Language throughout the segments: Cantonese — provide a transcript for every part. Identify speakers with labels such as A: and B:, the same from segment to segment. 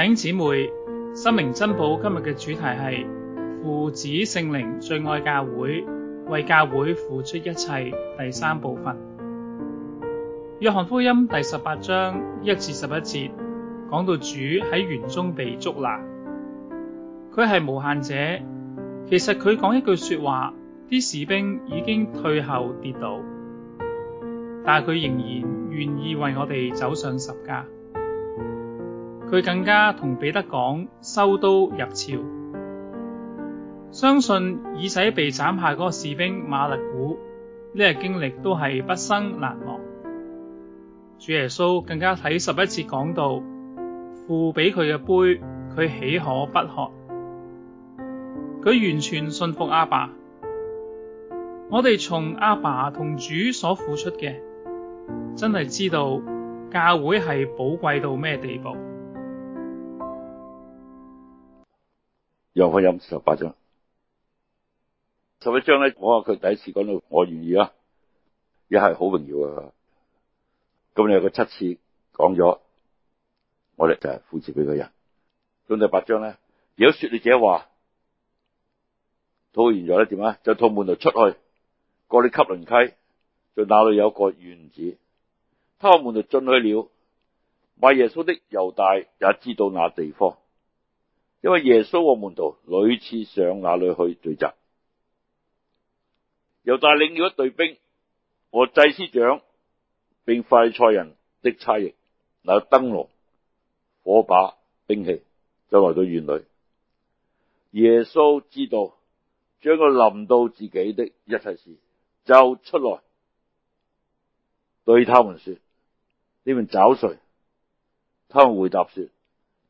A: 頂姊妹，心靈珍寶今日嘅主題係父子聖靈最愛教會，為教會付出一切。第三部分，約翰福音第十八章一至十一節，講到主喺園中被捉拿，佢係無限者，其實佢講一句說話，啲士兵已經退後跌倒，但佢仍然願意為我哋走上十架。佢更加同彼得講收刀入鞘，相信耳仔被斬下嗰個士兵馬勒古呢個經歷都係畢生難忘。主耶穌更加喺十一節講到：「父俾佢嘅杯，佢豈可不喝？佢完全信服阿爸。我哋從阿爸同主所付出嘅，真係知道教會係寶貴到咩地步。
B: 約翰福音十八章，十一章咧我話佢第一次講到我願意啊，一係好榮耀啊。咁你有個七次講咗，我哋就係扶持俾個人。咁第八章咧，如果說你者話，討完咗咧點啊？就同門徒出去，過你汲淪溪，就那裏有個園子，他們就進去了，賣耶穌的猶大也知道那地方。因為耶穌和門徒屢次上哪裡去聚集，又帶領了一隊兵和祭司長並菜人的差役，拿燈籠、火把、兵器，就來到院裡。耶穌知道將要臨到自己的一切事，就出來對他們說：你們找誰？他們回答說：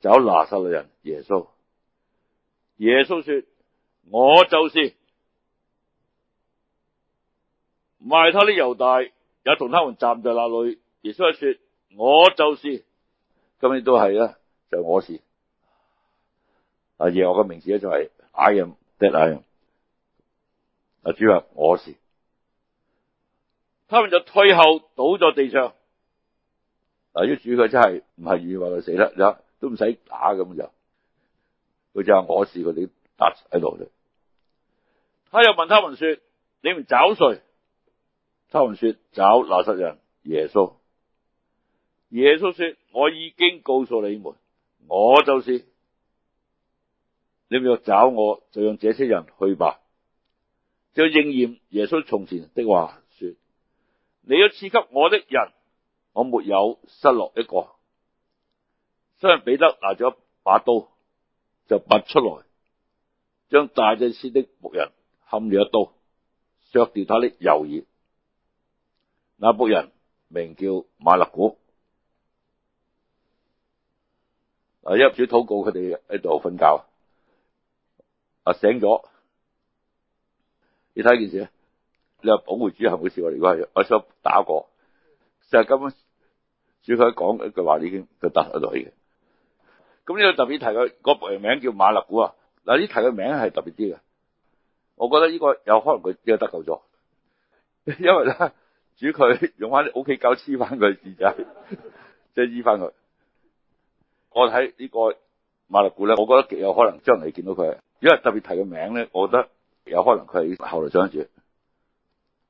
B: 找拿撒嘅人耶穌。耶穌說：我就是賣他啲猶大，有同他們站在那裏。耶穌一說：我就是，今日都係啦，就我是阿耶和華嘅名字咧，就係 I am that I am。阿主啊我是，我就是、am, 我是他們就退後倒在地上。嗱，啲主佢真係唔係願話佢死啦，有都唔使打咁就。佢就話：我試過哋搭喺度嘅。他又問他們說：你們找誰？他們說：找拿撒勒人耶穌。耶穌說：我已經告訴你們，我就是。你們要找我，就讓這些人去吧。就應驗耶穌從前的話說：你所賜給我的人，我沒有失落一個。西門彼得拿咗一把刀。就拔出來，將大祭司的僕人砍咗一刀，削掉他的右耳。那僕人名叫馬勒古。啊，一入主禱告，佢哋喺度瞓覺。啊，醒咗！你睇件事，你話保護主係好事喎，如果係我想打過，但係根本主佢講一句話，已經佢得咗落咁呢個特別提佢，個名叫馬勒古啊，嗱，呢提佢名係特別啲嘅，我覺得呢個有可能佢呢個得救咗，因為咧主佢用翻啲 OK 膠黐翻佢耳仔，即係醫翻佢。我睇呢個馬勒古咧，我覺得極有可能將來見到佢，因為特別提個名咧，我覺得有可能佢係後來想住，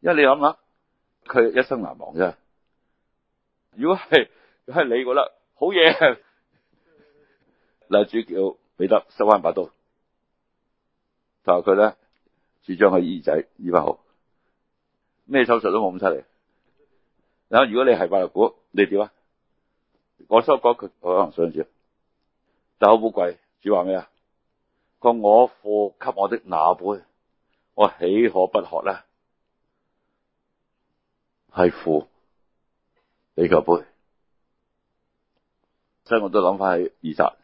B: 因為你諗下佢一生難忘啫。如果係，如果係你覺得好嘢。大主叫彼得收翻把刀，就話佢咧主張佢耳仔耳不好，咩手術都冇咁犀利。嗱，如果你係白日股，你點啊？我收講佢，我可能想住，但好唔貴。主話咩啊？個我父給我的那杯，我豈可不喝呢？係父，你個杯，所以我都諗翻喺二集。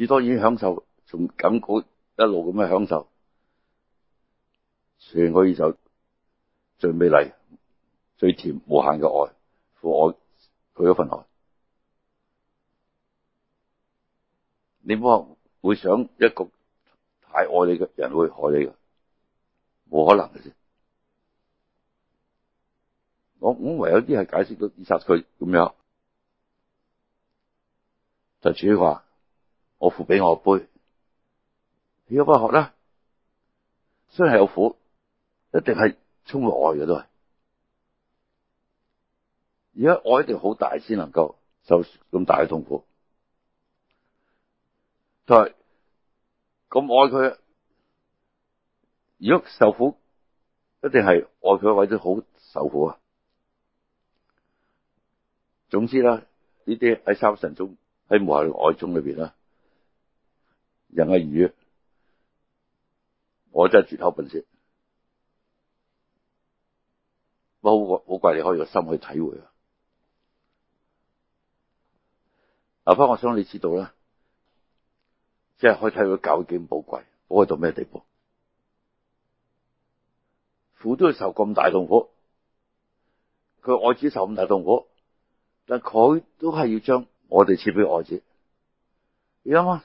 B: 至多已經享受，從感覺一路咁樣享受，全個宇宙最美麗、最甜無限嘅愛，父愛佢份愛。你冇好話會想一個太愛你嘅人會害你嘅，冇可能嘅啫。我咁唯有啲係解釋到二殺佢咁樣，就主話。我父俾我一杯，如果唔要學啦？雖然係有苦，一定係充滿愛嘅都係。而家愛一定好大先能夠受咁大嘅痛苦，就係咁愛佢，如果受苦一定係愛佢嘅位都好受苦啊。總之啦，呢啲喺三神中喺無限嘅愛中裏邊啦。人嘅魚，我真係絕口不說，不過好貴你開個心去體會啊！阿伯，我想你知道啦，即係可以體會佢究竟寶貴，寶貴到咩地步？苦都要受咁大痛苦，佢愛子受咁大痛苦，但佢都係要將我哋賜俾愛子，你諗啊？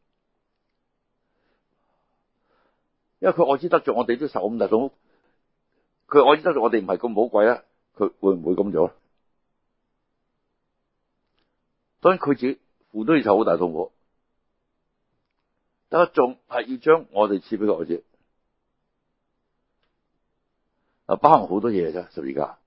B: 因為佢愛子得著，我哋都受咁大痛苦。佢愛子得著我，我哋唔係咁寶貴啦。佢會唔會咁做？當然佢自己父都要受好大痛苦，但係仲係要將我哋賜俾愛子，啊，包含好多嘢啫，十二家。